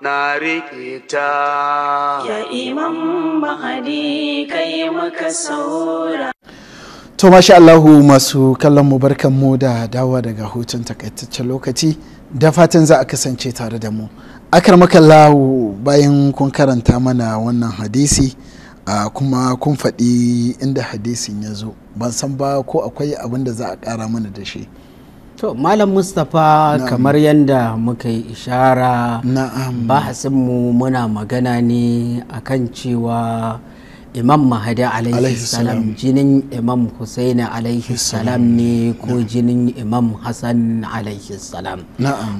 na riƙe ta. Ya imam mahadi kai maka saura. To masha Allahu masu kallon mu barkan mu da dawa daga hutun takaitaccen lokaci da fatan za a kasance tare da mu. Akar makallahu bayan kun karanta mana wannan hadisi uh, kuma kun faɗi inda hadisin ya zo ban san ba ko akwai abin da za a ƙara mana da shi. to malam mustapha kamar yadda muka yi ishara mu muna magana ne akan cewa imam mahadi alaihi salam jinin imam husaini alaihi salam ne ko jinin imam hassan alaihi salam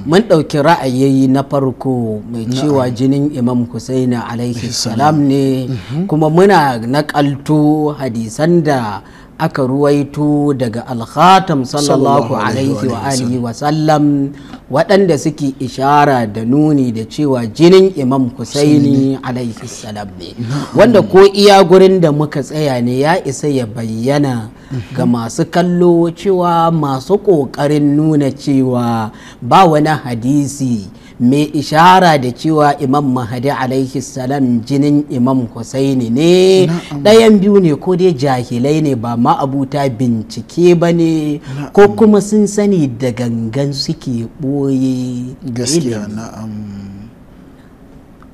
mun ɗauki ra'ayi na farko mai cewa jinin imam husaini alaihi salam ne mhm. kuma muna naƙalto hadisan da aka ruwaito daga alkhatam sallallahu alaihi wa alihi wa sallam waɗanda suke ishara da nuni da cewa jinin imam husaini alaihi salam ne wanda ko iya gurin da muka tsaya ne ya isa ya bayyana ga mhm. masu kallo cewa masu ƙoƙarin nuna cewa ba wani hadisi mai ishara da cewa imam mahadi alaihi salam jinin imam husaini ne ɗayan biyu ne ko dai jahilai ne ba ma'abuta bincike ba ne ko kuma sun sani da gangan suke ɓoye gaskiya na'am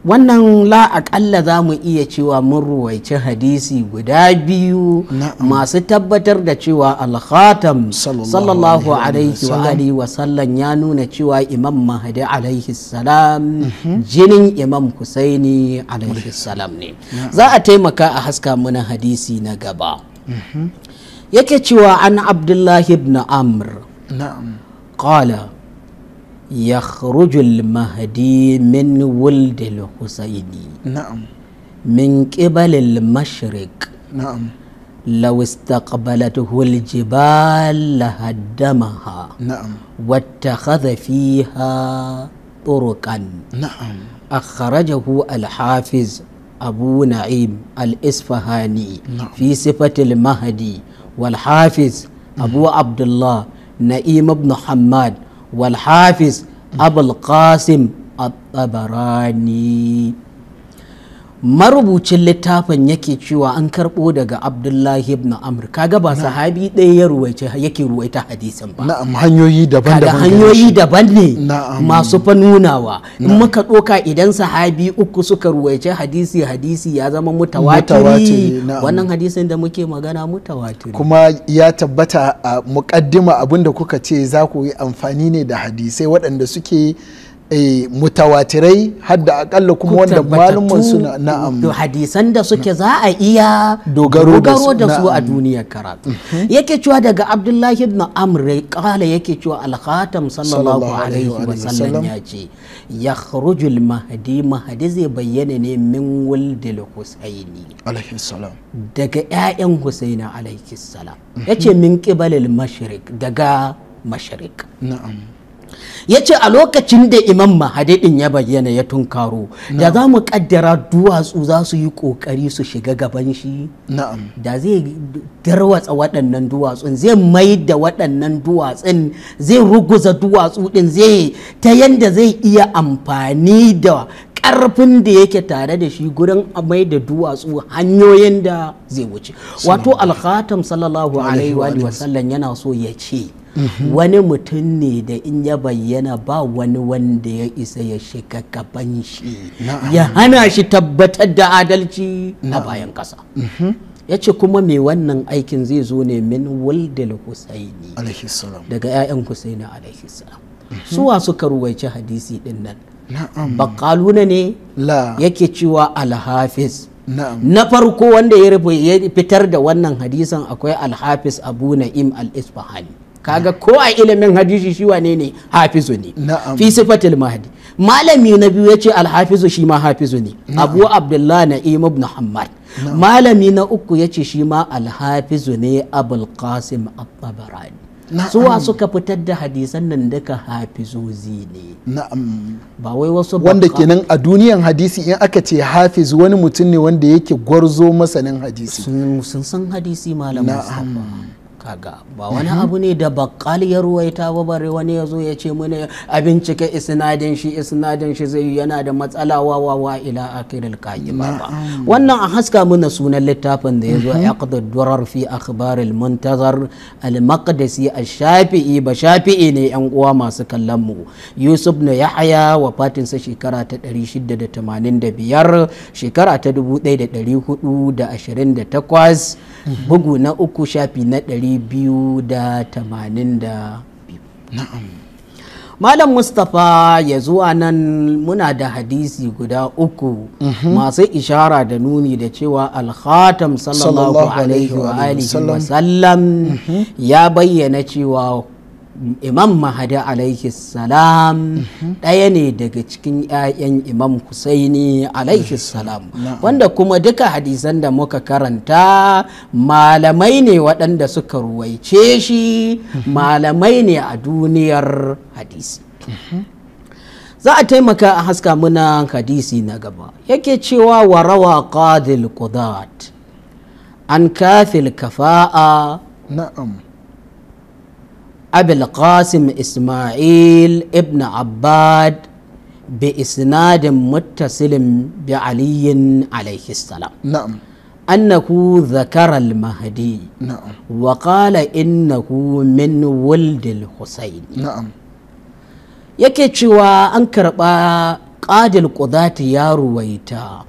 wannan la aƙalla za mu iya cewa mun ruwaici hadisi guda biyu masu tabbatar da cewa alkhatam sallallahu alaihi wa alihi wa sallam ya nuna cewa imam mahdi alaihi salam mhm. jinin imam husaini alaihi salam ne za a taimaka a haska mana hadisi na gaba mhm. yake cewa an abdullahi ibn amr qala يخرج المهدي من ولد الحسين نعم من قبل المشرق نعم لو استقبلته الجبال لهدمها نعم واتخذ فيها طرقا نعم أخرجه الحافظ أبو نعيم الاصفهاني نعم. في صفة المهدي والحافظ أبو عبد الله نعيم بن حماد wal hafiz abul qasim at-tabarani marubucin littafin yake cewa an karɓo daga abdullahi ibn amr kaga ba sahabi ɗaya ya ruwaice yake ruwaita hadisin ba na'am hanyoyi daban daban hanyoyi daban ne masu fa nunawa in muka ɗoka idan sahabi uku suka ruwaice hadisi hadisi ya zama mutawatiri wannan hadisin da muke magana mutawatiri kuma ya tabbata a muƙaddima abinda kuka ce za ku yi amfani ne da hadisai waɗanda suke Eh, mutawatirai hadda akalla kuma wanda malumman suna na'am to hadisan da suke za a iya dogaro da su a duniyar karatu mhm. yake cewa daga abdullahi ibn amr kala yake cewa al-khatam sallallahu alaihi wa sallam ya ce ya kharujul mahdi mahdi zai bayyana ne min wildil husaini alaihi salam daga ƴaƴan husaini alaihi salam yace min qibalil mashriq daga mashriq na'am ya ce a lokacin da imam mahadi din ya bayyana ya tunkaro da za mu kaddara duwatsu za su yi kokari su shiga gaban shi da zai darwatsa waɗannan duwatsun zai mai da waɗannan duwatsun zai ruguza duwatsu din zai ta yanda zai iya amfani da ƙarfin da yake tare da shi gurin mai da duwatsu hanyoyin da zai wuce wato alkhatam sallallahu alaihi wa sallam yana so ya ce wani mutum ne da in ya bayyana ba wani wanda ya isa ya shiga gaban shi ya hana shi tabbatar da adalci a bayan ƙasa mhm. ya ce kuma mai wannan aikin zai zo ne min waldil husaini daga 'ya'yan husaini alaihi suwa mhm. suka ruwaici hadisi din nan bakaluna ne yake cewa alhafiz na farko wanda ya fitar da wannan hadisan akwai Alhafis abu na'im al-isfahani kaga ko a ilimin hadisi shi wane ne hafizu ne fi sifatil mahdi malami na biyu yace alhafizu shi ma hafizu ne abu abdullah imam ibn hammad malami na uku yace shi ma alhafizu ne abul qasim at-tabarani suwa suka fitar da hadisan nan daga hafizozi ne na'am ba wai wasu wanda kenan a duniyan hadisi in aka ce hafiz wani mutum ne wanda yake gwarzo masanin hadisi sun san hadisi sahaba kaga ba wani abu ne da bakal ya ruwaita ba bare wani ya zo ya ce mune abin cike isnadin shi isnadin shi zai yana da matsala wa wa wa ila akhiril ba wannan a haska muna sunan littafin da ya zo mm-hmm. aqdu durar fi akhbaril muntazar al maqdisi al shafi'i ba shafi'i ne yan uwa masu kallon mu yusuf na yahya sa shekara ta 685 shekara ta 1428 bugu na uku shafi na ɗari biyu da tamanin da malam mustapha ya zuwa nan muna da hadisi guda uku mhm. masu ishara da nuni da cewa alkhatam sallallahu alaihi wa sallam mhm. ya bayyana cewa imam mahadi alaihi salam ɗaya ne daga cikin 'ya'yan imam husaini alaihi salam wanda kuma duka hadisan da muka karanta malamai ne waɗanda suka ruwaice shi malamai ne a duniyar hadisi za a taimaka a haska muna hadisi na gaba yake cewa warawa qadil qudat an kafil kafa'a na'am abil qasim ismail ibn abbad bi isnadin muttasilin bi aliyin alaihi salam na'am annahu zakara mahdi na'am wa qala min wuldil husayn yake cewa an karɓa qadil qudati ya ruwaita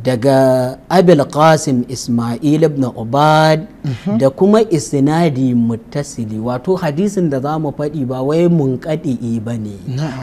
daga abil qasim ismail ibn ubad mhm. da kuma isnadi muttasili wato hadisin da za mu faɗi ba wai mun kaɗi'i ba ne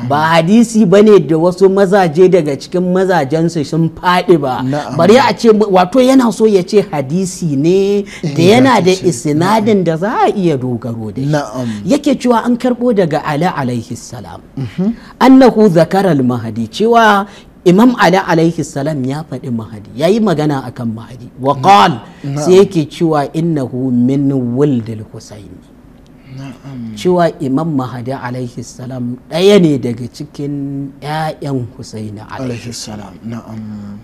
ba hadisi ba da wasu mazaje daga cikin mazajensu sun faɗi ba bari a ce wato yana so ya ce hadisi ne da yana da isnadin da za a iya dogaro da yake cewa an karɓo daga Ali alaihi salam mhm. annahu zakaral mahadi cewa imam ali alaihi salam ya faɗi mahadi ya yi magana kan mahadi wa mm. qal sai yake cewa innahu min wildil husaini cewa imam mahadi alaihi salam ɗaya ne daga cikin 'ya'yan husaini alaihi salam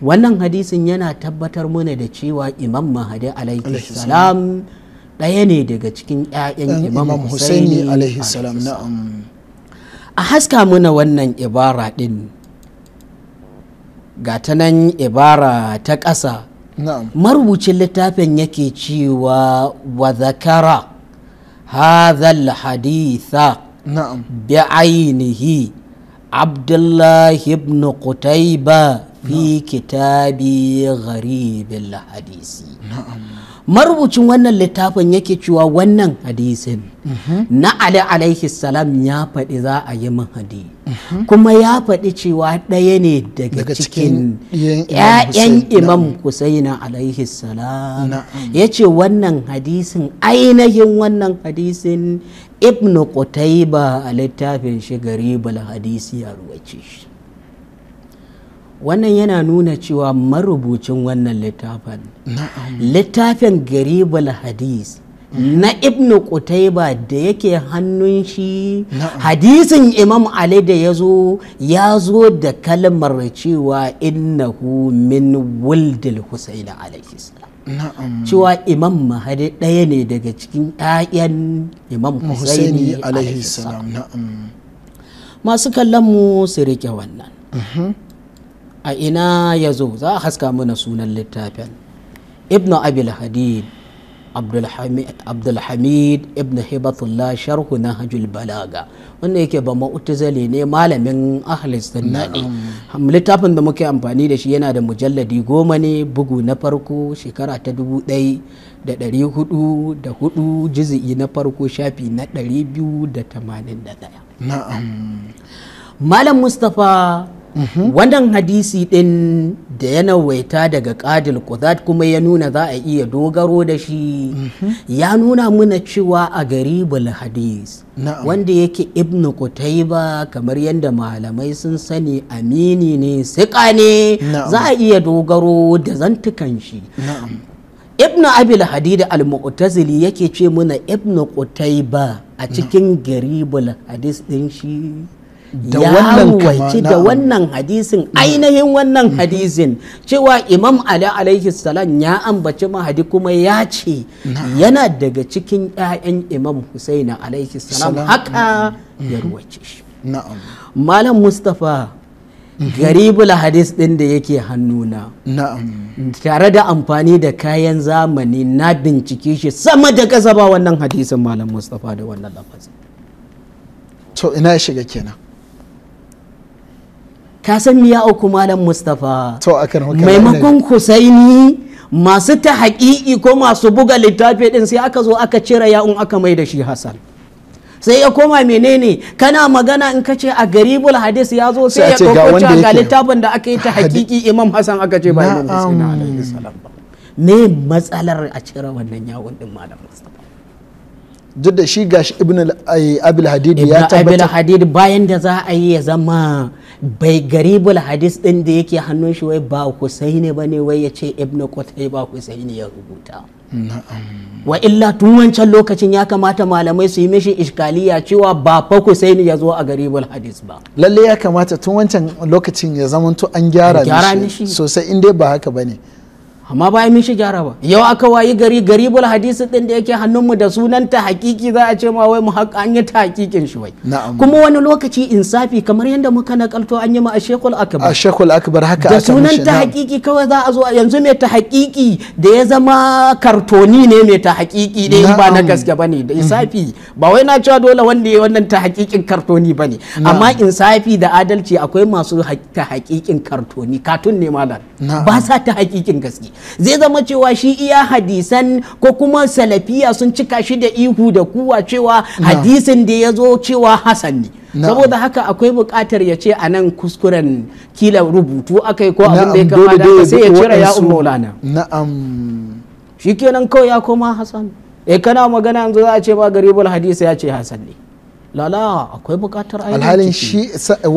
wannan hadisin yana tabbatar mana da cewa imam mahadi alaihi salam ɗaya ne daga cikin 'ya'yan imam husaini alaihi salam a haska mana wannan ibara ɗin ga ta nan ibara ta ƙasa marubucin littafin yake cewa wa zakara hadhal haditha bi ainihi abdullahi ibn qutayba fi kitabi gharib hadisi marubucin wannan littafin yake cewa wannan hadisin na ali alaihi salam ya faɗi za a yi min hadi kuma ya faɗi cewa ɗaya ne daga cikin 'ya'yan imam husaina alaihi salam ya ce wannan hadisin ainihin wannan hadisin ibnu qutayba a littafin shi garibul hadisi ya ruwace shi wannan yana nuna cewa marubucin wannan littafin littafin garibul hadis na ibn kutaiba da yake hannun shi hadisin imam ali da ya zo ya zo da kalmar cewa innahu min wuldil husaini alaihi cewa imam mahadi ɗaya ne daga cikin 'ya'yan imam husaini alaihi masu kallon mu su rike wannan mhm. a ina ya zo za a haska mana sunan littafin ibn abil hadid abdulhamid ibn hibatullah sharhu na hajjul balaga wanda yake ba ma'utazali ne malamin ahlis din littafin da muke amfani da shi yana da mujalladi goma ne bugu na farko shekara ta dubu ɗai da ɗari hudu da hudu jizi'i na farko shafi na ɗari biyu da tamanin da ɗaya na'am malam mustapha wannan hadisi din da ya nawaita daga kadil kuzat kuma ya nuna za a iya dogaro da shi ya nuna muna cewa a garibul hadis wanda yake ibn kutaiba kamar yadda malamai sun sani amini ne siƙa ne za a iya dogaro da zantukan shi ibn abil hadid al-mu'tazili yake ce muna ibn kutaiba a cikin garibul hadis din shi ya ruwaici da wannan hadisin ainihin wannan mm-hmm. hadisin cewa imam ali alaihi salam ya ambaci mahadi kuma ya ce yana daga cikin 'ya'yan imam husaini alaihi salam haka mm-hmm. ya ruwace shi malam mustapha mm-hmm. garibul hadis din da yake hannuna tare da amfani da kayan zamani na bincike shi sama da kasa ba wannan hadisin malam mustapha da wannan lafazin to ina shiga kenan ka san miya auku malam mustafa to maimakon kusaini masu ta haƙiƙi ko masu buga littafi din sai aka zo aka cire ya'un aka mai da shi hasan sai ya koma menene kana magana in kace a garibul hadis ya zo sai ya ɗauko ga littafin da aka yi ta hakiki imam hasan aka ce ba imam hasan alaihi salam me matsalar a cire wannan yawon din malam mustafa duk da shi gashi ibn abil hadid ya tabbata abil hadid bayan da za a yi ya zama bai bula hadis din da yake hannun shi wai ba sai ne bane wai ya ce ibn qutay ba sai ne ya rubuta wa illa tun wancan lokacin ya kamata malamai su yi mishi iskaliya cewa ba fa sai ne ya zo a bula hadis ba lalle ya kamata tun wancan lokacin ya zamanto an gyara shi sosai in dai ba haka bane amma ba mun shi gyara ba yau aka wayi gari bul hadisi din da yake hannunmu da sunanta hakiki za a ce ma wai mu an yi ta hakikin shi wai kuma wani lokaci insafi kamar yadda muka nakalto an yi ma a shekul akbar a shekul akbar haka da sunanta hakiki kawai za a zo yanzu mai ta hakiki da ya zama kartoni ne mai ta hakiki da in ba na gaske bane da mm. insafi ba wai na cewa dole wanda ya wannan ta hakikin kartoni bane amma insafi da adalci akwai masu ta hakikin kartoni katun ne malam ba sa ta hakikin gaske zai zama cewa shi iya hadisan ko kuma salafiya sun cika shi da ihu da kuwa cewa hadisin da ya zo cewa hasan ne saboda haka akwai bukatar ya ce a nan kuskuren kila rubutu akai ko abin da ya kama da sai ya cire ya umulana na'am kenan kawai ya koma hasan eh kana magana yanzu za a ce ba garibul hadisi ya ce hasan ne lala akwai bukatar ainihin alhalin shi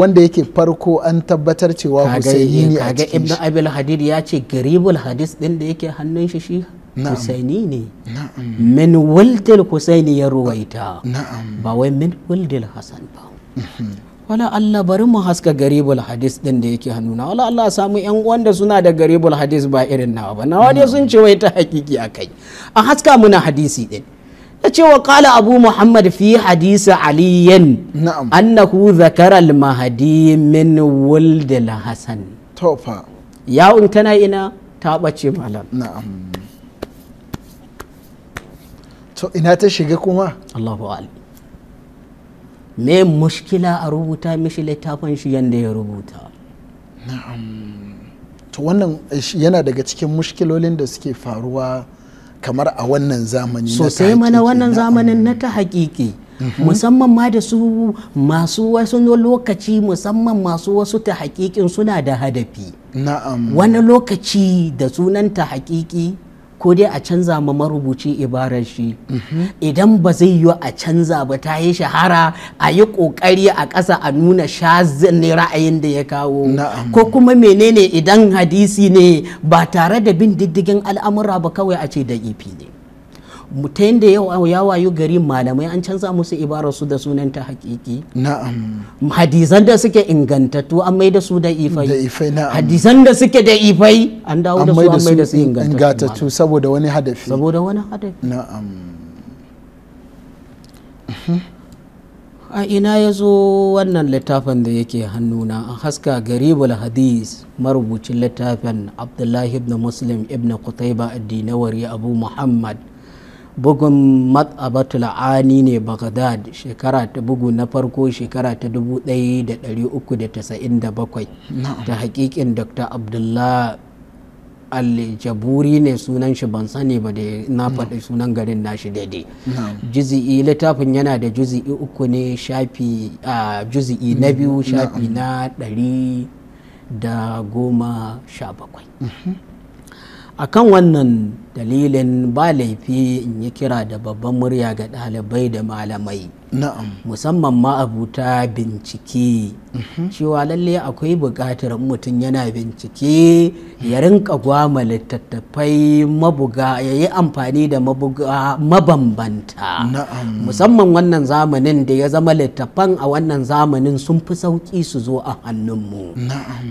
wanda yake farko an tabbatar cewa husaini ne a cikin ibn abil hadid ya ce garibul hadis din da yake hannun shi shi husaini ne min wildil husaini ya ruwaita ba wai min wildil hasan ba mhm. wala Allah bari mu haska garibul hadis din da yake hannuna wala Allah samu yan wanda suna da garibul hadis ba irin nawa ba nawa dai sun ce wai ta hakiki akai a haska muna hadisi din da ce wa kala abu muhammad fi hadisa aliyan annahu zakara al-mahdi min wuldil hasan tofa yawun na ina ta bace malam to ina ta shiga kuma Allahu me mushkila a rubuta mishi littafin shi yanda ya rubuta na'am to wannan yana daga cikin mushkilolin da suke faruwa kamar a wannan zamani sosai mana wannan zamanin na ta haƙiƙi mhm. musamman ma da su masu wasu lokaci musamman masu wasu ta hakikin suna da hadafi na'am wani lokaci da sunan ta hakiki ko dai a canza ma marubuci ibarar shi idan ba zai yiwu a canza ba ta yi shahara a yi kokari a ƙasa a nuna shazin ra'ayin da ya kawo ko kuma menene idan hadisi ne ba tare da bin diddigin al'amura ba kawai a ce da ifi ne ta yadda ya wayo gari malamai an canza musu ibarar su da sunan ta hakiki na'am hadisan da suke ingantattu an mai da su da ifai da hadisan da suke da ifai an dawo da su an mai da su ingantattu saboda wani hadafi saboda wani hadafi na'am a ina ya zo wannan littafin da yake hannuna a haska garibul hadis marubucin littafin abdullahi ibn muslim ibn qutaiba addinawari abu muhammad bugun mat'abatul ani ne baghdad shekara ta bugu na farko shekara ta 1397 ta hakikin dr abdullah aljaburi ne sunan shi ban sani ba da na faɗi sunan garin nashi daidai juzi'i littafin yana da juzi'i uku ne shafi a juzi'i na biyu shafi na ɗari da goma sha bakwai mhm. a kan wannan dalilin ba laifi in yi kira da babban murya ga ɗalibai da malamai musamman ma abuta bincike mhm. cewa lalle akwai buƙatar mutum yana bincike ya rinka gwama littattafai mabuga ya yi amfani da mabuga mabambanta musamman wannan zamanin da ya zama littattafan a wannan zamanin sun fi sauƙi su zo a hannunmu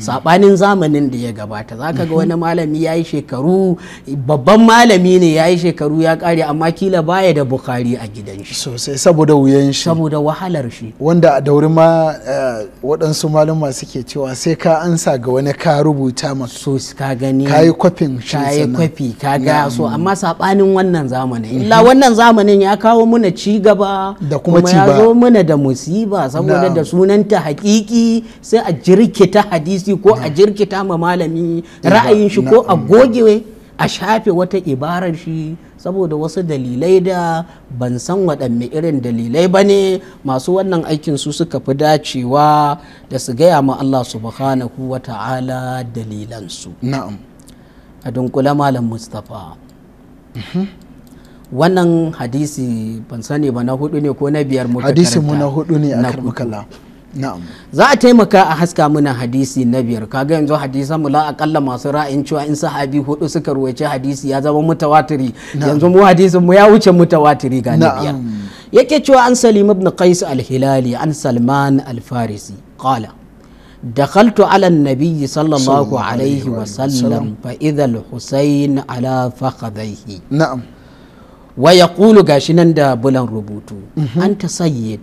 saɓanin zamanin da ya gabata za ka ga wani mhm. malami ya yi shekaru babban malami ne ya yi shekaru ya ƙare amma kila baya da bukari a gidan shi sosai saboda wuyan wahalan shi saboda wahalar shi wanda a dauri ma eh, waɗansu malama suke cewa sai ka ansa ga wani ka rubuta masu. so ka gani ka yi kwafin shi ka yi kwafi ka ga so amma saɓanin wannan zamanin mhm. illa wannan zamanin ya kawo muna ci gaba da kuma ci ya muna da musiba saboda da sunanta hakiki sai a jirkita hadisi ko a jirkita ma malami ra'ayin shi ko a goge a shafe wata ibarar shi saboda wasu dalilai da ban san waɗanne irin dalilai ba ne masu wannan aikin su suka fi dacewa da su gaya ma Allah su subhanahu wa ta'ala dalilansu na'am a dunkule malam mustapha mhm. wannan hadisi ban sani ba na hudu ne ko na biyar mu na hudu ne a karbukala za a taimaka a haska muna hadisi na biyar kaga yanzu hadisan mu la akalla masu ra'ayin cewa in sahabi hudu suka ruwaci hadisi ya zama mutawatiri yanzu mu hadisin mu ya wuce mutawatiri ga biyar yake cewa an salim ibn qais al-hilali an salman al-farisi qala دخلت على النبي wa sallam عليه وسلم husayn ala fakhadhihi na'am wa yaqulu gashinan da bulan rubutu mhm. anta sayyid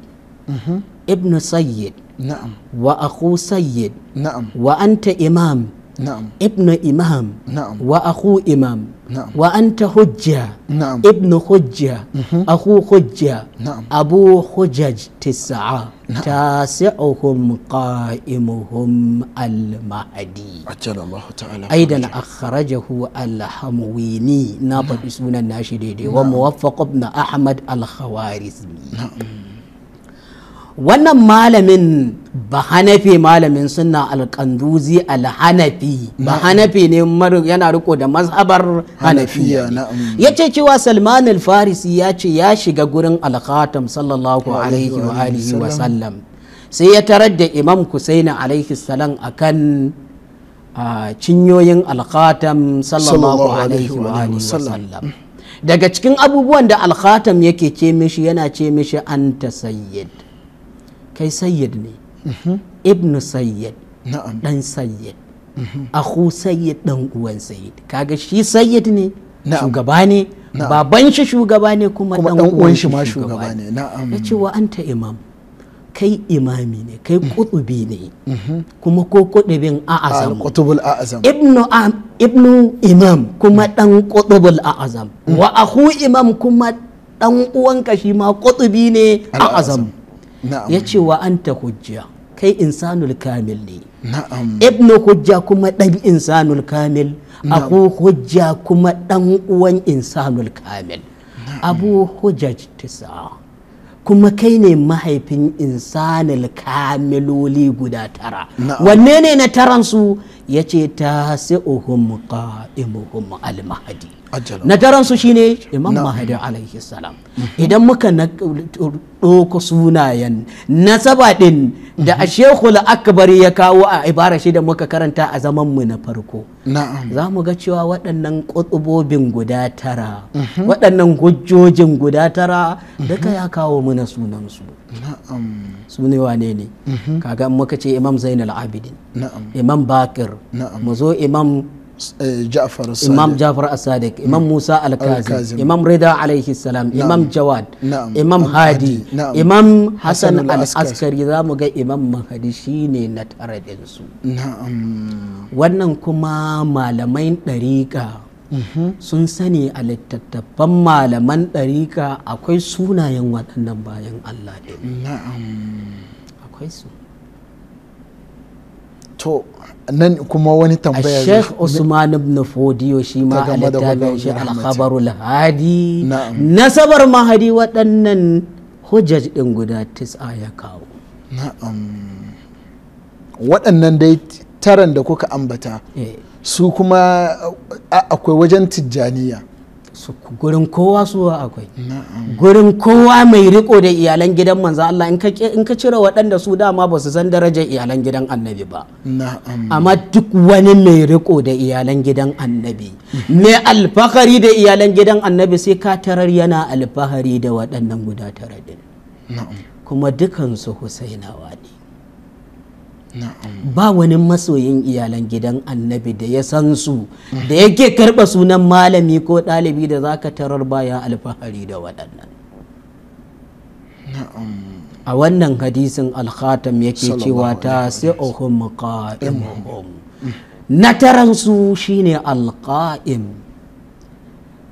ابن سيد نعم وأخو سيد نعم وأنت إمام نعم ابن إمام نعم وأخو إمام نعم وأنت حجة نعم ابن حجة أخو حجة نعم أبو حجج تسعة نعم تاسعهم قائمهم المهدي أجل الله تعالى أيضا أخرجه الحمويني نعم. اسمنا الناشدين نعم. وموفق ابن أحمد الخوارزمي نعم wannan malamin ba bahanafi malamin suna alkanduzi alhanafi ba hanafi ne yana riko da mazhabar hanafiya ya ce cewa salman alfarisi ya ce ya shiga gurin alkhatam sallallahu alaihi wa alihi wa sallam sai ya tarar da imam kusaini alaihi salam akan cinyoyin alkhatam sallallahu alaihi wa alihi wa sallam daga cikin abubuwan da alkhatam yake ce mishi yana ce mishi anta sayyid kai sayyid ne mhm. ibnu sayyid dan sayyid mhm. aku sayyid dan uwan sayyid kaga shi sayyid ne shugaba ne baban shi shugaba ne kuma dan uwan shi ma shugaba ne ya ce wa anta imam kai imami ne kai kutubi mhm. ne kuma ko kutubin a'azam ibnu ibnu imam kuma dan kutubul a'azam wa akhu imam kuma dan uwanka shi ma kutubi ne a'azam ya ce wa anta hujja kai insanul kamil ne ibn hujja kuma ɗan insanul kamil abu hujja kuma ɗan uwan insanul kamil abu hujja tisa kuma kai ne mahaifin insanul kamiloli guda tara wanne ne na taransu ya ce ta muka qa'imuhum al mahadi na su shine imam mahdi alaihi salam idan muka na ɗoko sunayen nasaba ɗin da a mhm. shekul akbar ya kawo a ibara shi da muka karanta a zaman mu na farko za mu ga cewa waɗannan ƙutsubobin guda tara mhm. waɗannan hujjojin guda tara duka mhm. ya kawo mana sunansu su ne wane ne mhm. kaga muka ce imam zainal abidin imam bakir mu zo imam eh, Ja'far Imam Ja'far as Imam mm. Musa Al-Kazim Imam Rida alaihi salam Imam Jawad Imam Hadi Imam Hassan Al-Askari za mu ga Imam Mahdi shine na tara su wannan kuma malamai ɗariƙa sun sani a littattafan malaman ɗarika akwai sunayen waɗannan bayan Allah akwai su to nan kuma wani tambaya Sheikh Usman ibn Fodiyo shi ma a littafin shi al hadi nasabar mahadi waɗannan hujjaj ɗin guda tis'a ya kawo na'am waɗannan dai taran da kuka ambata eh. su kuma akwai wajen tijjaniya gurin kowa suwa akwai gurin kowa mai riko da iyalan gidan manzo Allah in ka cire waɗanda su dama ba su san darajar iyalan gidan annabi ba amma duk wani mai riko da iyalan gidan annabi mai alfahari da iyalan gidan annabi sai ka tarar yana alfahari da waɗannan guda tara din kuma dukansu husainawa ne ba wani masoyin iyalan gidan annabi da ya san su da yake karɓa sunan malami ko ɗalibi da za ka tarar baya alfahari da waɗannan a wannan hadisin alkhatam yake cewa ta sai sa'uhum qa'imuhum nataransu shine alqa'im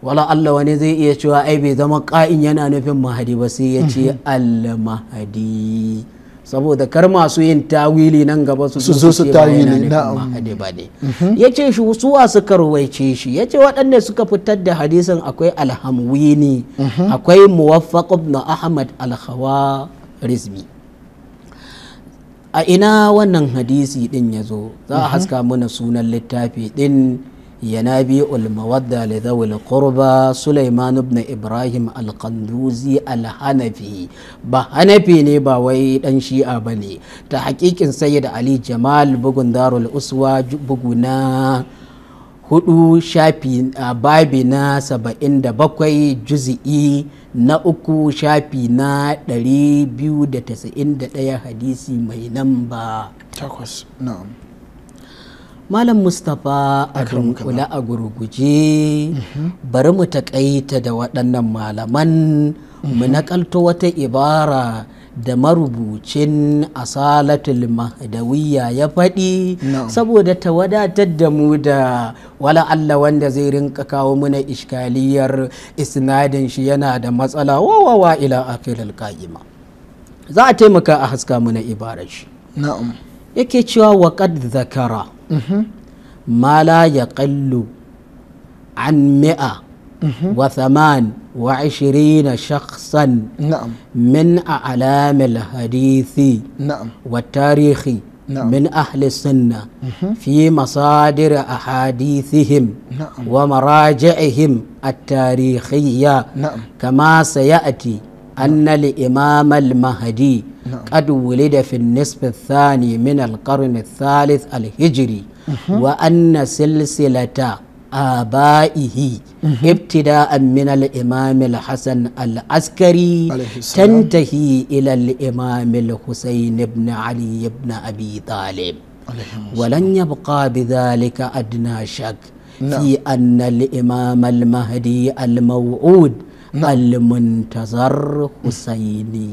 wala Allah wani zai iya cewa ai bai zama ƙa'in yana nufin mahadi ba sai ya ce mhm. al-mahadi saboda kar masu yin tawili nan gaba su zo su tawili mhm. ya ce shi suwa suka ruwaice shi ya ce waɗanda suka fitar da hadisin akwai alhamwini mhm. akwai muwaffaq ibn ahmad alhawa rizmi a ina wannan hadisi din ya zo za a mhm. haska mana sunan littafi din ينابيع المودة لذوي القربى سليمان بن إبراهيم القندوزي الحنفي بحنفي نبا ويدن شيئا أبني تحقيق سيد علي جمال بغن دار الأسوة بغنا hudu shafi a babi na 77 juzi'i na uku shafi na 291 hadisi mai namba takwas na'am Malam Mustapha a kula a gurguje mhm. bari mu taƙaita da waɗannan malaman mu mhm. naƙalto wata ibara da marubucin asalatul mahdawiya ya faɗi saboda ta wadatar da mu da wala Allah wanda zai rinka kawo muna iskaliyar isnadin shi yana da matsala wawawa ila akilal ka'ima za a taimaka a haska muna ibarar shi yake cewa waƙad zakara ما لا يقل عن مئة وثمان وعشرين شخصا نعم من أعلام الحديث نعم والتاريخ نعم من أهل السنة في مصادر أحاديثهم نعم ومراجعهم التاريخية نعم كما سيأتي أن الإمام المهدي نعم. قد ولد في النصف الثاني من القرن الثالث الهجري وأن سلسلة آبائه ابتداء من الإمام الحسن العسكري تنتهي إلى الإمام الحسين بن علي بن أبي طالب ولن يبقى بذلك أدنى شك نعم. في أن الإمام المهدي الموعود المنتظر حسيني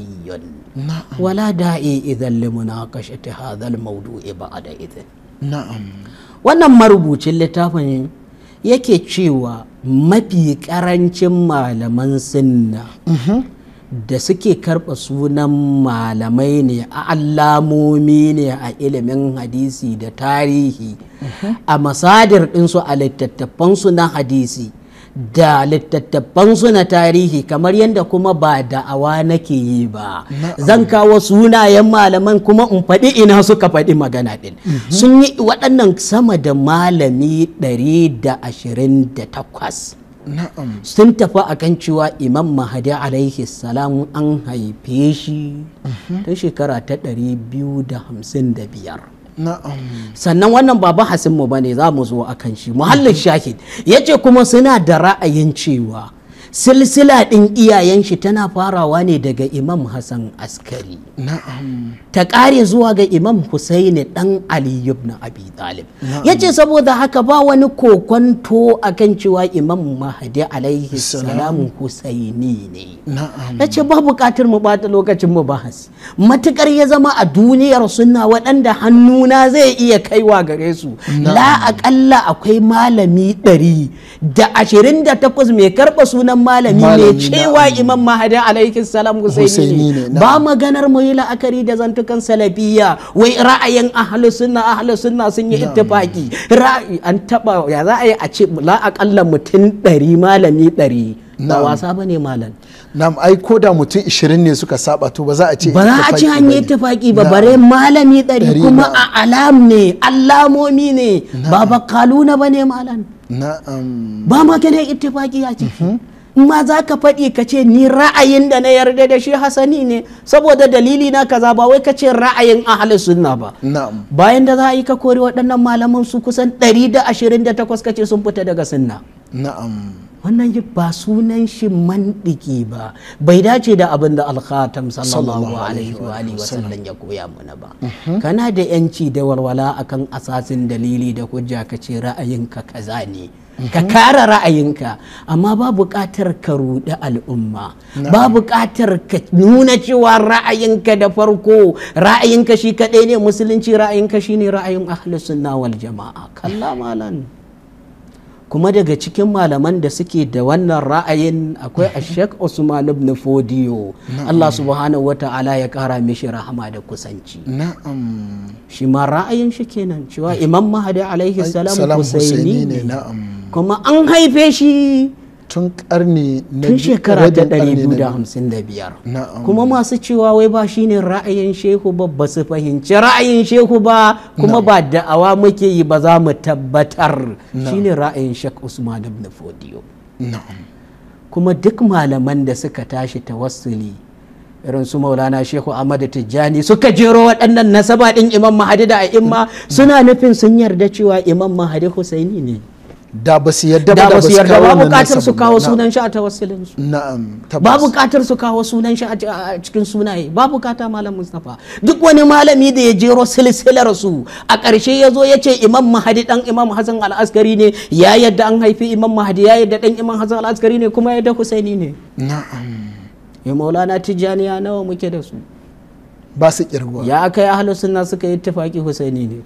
ولا داعي إذا لمناقشة هذا الموضوع بعد إذن na'am wannan marubucin littafin yake cewa mafi karancin malaman sinna da suke karɓa sunan malamai ne a alamomi ne a ilimin hadisi da tarihi a masadar ɗinsu a littattafansu na hadisi da littattafan su na tarihi kamar yadda kuma ba da'awa nake yi ba zan kawo sunayen malaman kuma in faɗi ina suka faɗi magana ɗin mhm. sun yi waɗannan sama da malami 128 sun tafi a kan cewa imam mahadi alaihi salam an haife shi mhm. ta shekara ta 255 sannan wannan baba hasin mu bane za mu zo a kan shi muhallin shahid yace kuma suna da ra'ayin cewa silsila din iyayen shi tana farawa ne daga imam hasan askari na'am ta kare zuwa ga imam husaini ɗan ali ibn abi talib ya saboda haka ba wani kokonto akan cewa imam Mahdi alaihi salam husaini ne ya ce ba buƙatar mu bata lokacin mu bahas Matukar ya zama a duniyar sunna waɗanda hannuna zai iya kaiwa gare su la aƙalla akwai malami ɗari da ashirin da takwas mai karɓa sunan malami ne cewa imam Mahdi alaihi salam husaini ne ba maganar mu yi la'akari da zanta kan salafiyya wai ra'ayin ahli sunna ahli sunna sun yi ittifaki ra'ayi an taba ya za a yi a ce la akalla mutum 100 malami 100 da wasa ba ne malam nam ai ko da mutum 20 ne suka saba to ba za a ce ba za a ce an yi tafaki ba bare malami 100 kuma a alam ne allamomi ne ba bakaluna ba ne malam na'am ba ma kana ittifaki a ciki mhm. ma za ka faɗi ka ce ni ra'ayin da na yarda da shi hasani ne saboda dalili na kaza ba wai ka ce ra'ayin ahli sunna ba bayan da za a yi ka kori waɗannan malaman su kusan 128 ka ce sun fita daga sunna na'am wannan ba sunan shi mandiki ba bai dace da abin da alkhatam sallallahu alaihi wa sallam ya koya mana ba mhm. kana da yanci da walwala akan asasin dalili da hujja ka ra'ayinka kaza ne ka mhm. kara ra'ayinka amma ba buƙatar ka ruɗi al'umma ba buƙatar ka nuna cewa ra'ayinka da farko ra'ayinka shi kaɗai ne musulunci ra'ayinka shine ra'ayin ahlus sunna wal jama'a kalla malan kuma daga cikin malaman da suke da wannan ra'ayin akwai a ashek usman ibn fodiyo allah subhanahu wa ta'ala ya kara mishi rahama da kusanci na'am shi ma ra'ayin shi kenan cewa imam mahadi alaihi salam kusaini ne kuma an haife shi tun karni na tun shekara ta 255 kuma masu cewa wai ba shine ra'ayin shehu ba ba su fahimci ra'ayin shehu ba kuma ba da'awa muke yi ba za mu tabbatar shine ra'ayin shek usman ibn fodiyo kuma duk malaman da suka tashi tawassuli irin su maulana shehu ahmadu tijjani suka jero waɗannan nasaba ɗin imam mahadi da a'imma suna nufin sun yarda cewa imam mahadi husaini ne da ba su yarda ba da su yarda ba bukatar su kawo sunan shi a tawassulin su na'am ba bukatar su kawo sunan shi a cikin sunaye ba bukata malam mustafa duk wani malami da ya jero silsilar su a ƙarshe ya zo ya ce imam mahadi dan imam hasan al-askari ne ya yadda an haifi imam mahadi ya yadda dan imam hasan al-askari ne kuma ya yadda husaini ne na'am ya maulana tijjaniya nawa muke da su ba su kirguwa ya kai ahlus sunna suka yi tafaki husaini ne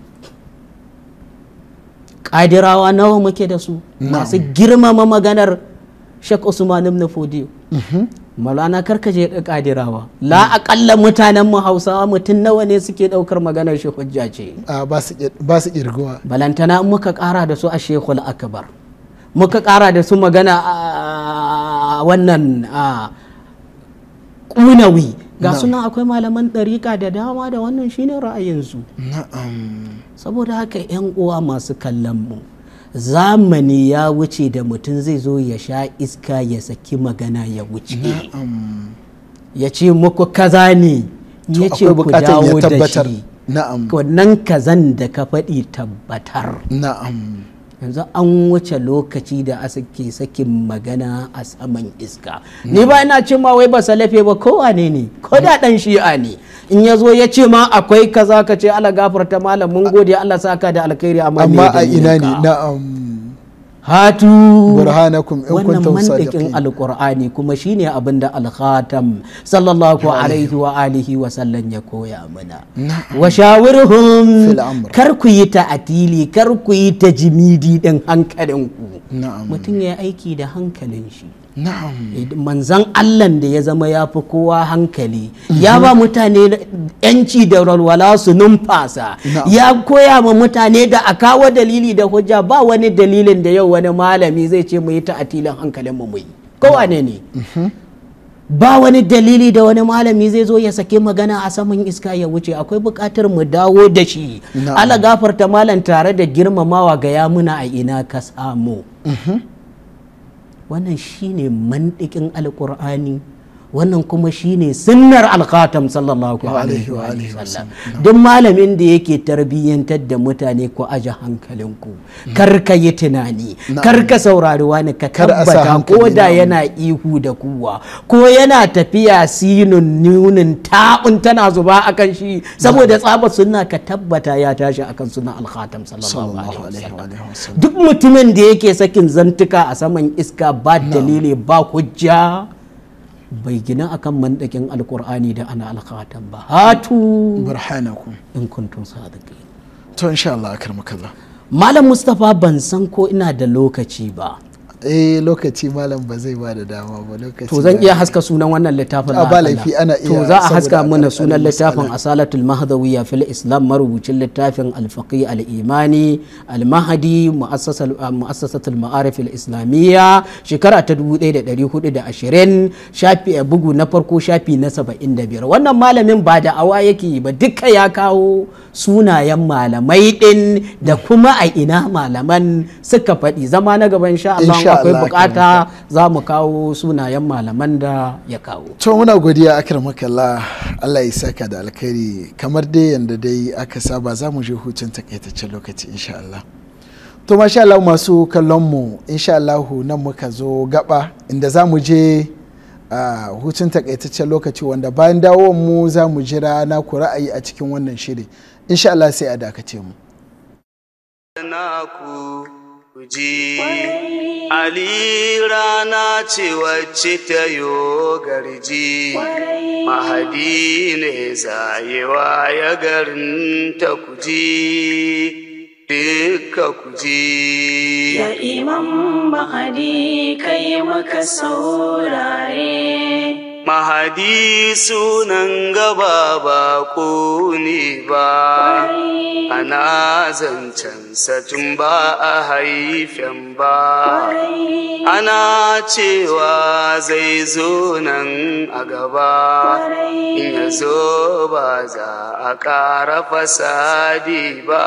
adirawa nawa muke da su masu girmama maganar shek usman ibn fodiyo malana mhm. je da kadirawa la akalla mutanen mu hausawa mutum nawa ne suke daukar maganar shek hujja ce ba su kirgowa balantana muka kara da su a shekul akbar muka kara da su magana a wannan kunawi ga sunan akwai malaman ɗariƙa da dama da wannan shine ra'ayinsu na'am saboda haka 'yan uwa masu kallon mu zamani ya wuce da mutum zai zo ya sha iska ya saki magana ya wuce ya ce muku kaza ne ya ce ku dawo da shi na'am wannan kazan da ka faɗi tabbatar na'am yanzu an wuce lokaci da a sakin magana a saman iska ni hmm. ba ina ce ma wai ba salafe ba ko wane ne ko da dan hmm. shi'a ne in ya zo ya ce ma akwai kaza ka ce ala gafarta malam mun gode Allah saka da alkhairi amma a ina ne na'am hatu burhanakum in kuntum sadiqin alqur'ani kuma shine abin da alkhatam sallallahu alaihi wa alihi wa sallam ya koya mana wa shawirhum kar ku yi ta'atili kar ku yi tajmidi din hankalinku mutum ya aiki da hankalin shi manzan allah da ya zama ya fi kowa hankali ya ba mutane yanci da walwala su numfasa ya koya ma mutane da a kawo dalili da hujja ba wani dalilin da yau wani malami zai ce mu yi ta atilin hankalin mu yi kowane ne mhm. ba wani dalili da wani malami zai zo ya sake magana a saman iska ya wuce akwai buƙatar mu dawo da shi ala gafarta malam tare da girmamawa ga yamuna a ina ka samu mhm. wannan shine mandikin alkur'ani wannan kuma shine sunnar alkhatam sallallahu alaihi wa sallam duk malamin da yake tarbiyyantar da mutane ku aje hankalinku hmm. kar ka yi tunani kar ka saurari wani ka tabbata ko da yana ihu da kuwa ko yana tafiya sinun nunin ta'un tana zuba akan shi saboda tsaba sunna ka tabbata ya tashi akan sunna alkhatam sallallahu alaihi wa sallam duk mutumin da yake sakin zantuka a saman iska ba dalili ba hujja bai gina akan mandakin alkur'ani da ana alkhatan ba hatu burhanakum in kuntum sadiqin to insha Allah akar makalla malam mustafa ban san ko ina da lokaci ba eh lokaci malam ba zai ba da dama ba lokaci to zan iya haska sunan wannan littafin ba laifi ana iya to za a haska mana sunan littafin asalatul mahdawiyya fil islam marubucin littafin al-faqi al-imani al-mahdi ah, mu'assasatul ma'arif al-islamiyya shekara ta 1420 shafi eh, bugu na farko shafi na 75 wannan malamin ba da awa yake ba duka ya kawo sunayen malamai din da kuma a ina malaman suka faɗi zama na gaban sha Allah akwai bukata za mu kawo sunayen malaman da ya kawo to muna godiya makalla Allah ya saka da alkhairi kamar dai yanda dai aka saba za mu je hutun takaitaccen lokaci insha Allah to masha Allah masu kallon mu insha Allah nan muka zo gaba inda za mu je a hutun takaitaccen lokaci wanda bayan dawowar mu za mu jira na ku ra'ayi a cikin wannan shiri insha Allah sai a dakace mu ji ali rana ce wacce ta yo garji mahadi ne zayewa ya garin ta kuji dukka kuji ya imam mahadi kai maka saurare mahadi sunan gaba ba ko ne ba ana zancen tun ba a haifen ba ana cewa zai zo nan a gaba in ya zo ba za a ƙara fasadi ba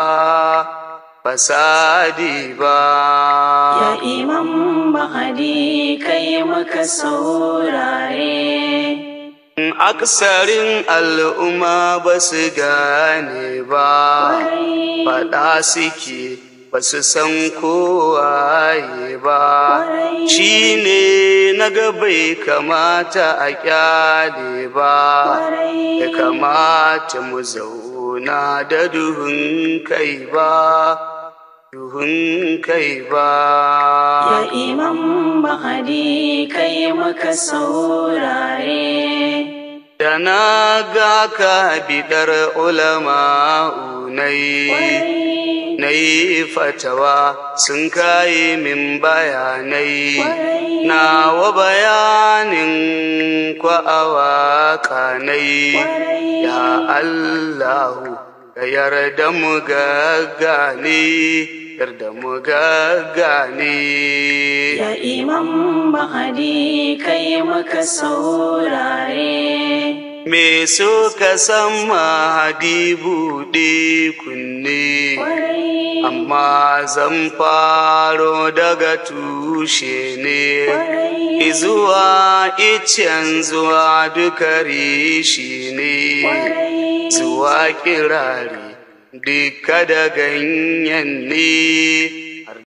fasadi ba. Ya imam mahadi kai maka saurare. Aksarin al'umma ba su gane ba, faɗa suke ba su san kowaye ba, shi ne na bai kamata a kyale ba, ya kamata mu zauna da duhun kai ba. duhun kai ba. Ya imam mahadi kai maka saurare. Da na ga ka bidar ulama unai, na yi fatawa sun kayi min bayanai, na wa bayanin kwa'awa kanai, ya Allahu, ka yarda mu gagane yarda mu gagane. Ya imam mahadi kai muka saurare. Me so ka san mahadi buɗe kunne. Amma zan faro daga tushe ne, izuwa icen zuwa duka rishi ne, zuwa kirari. dika da ganyen ne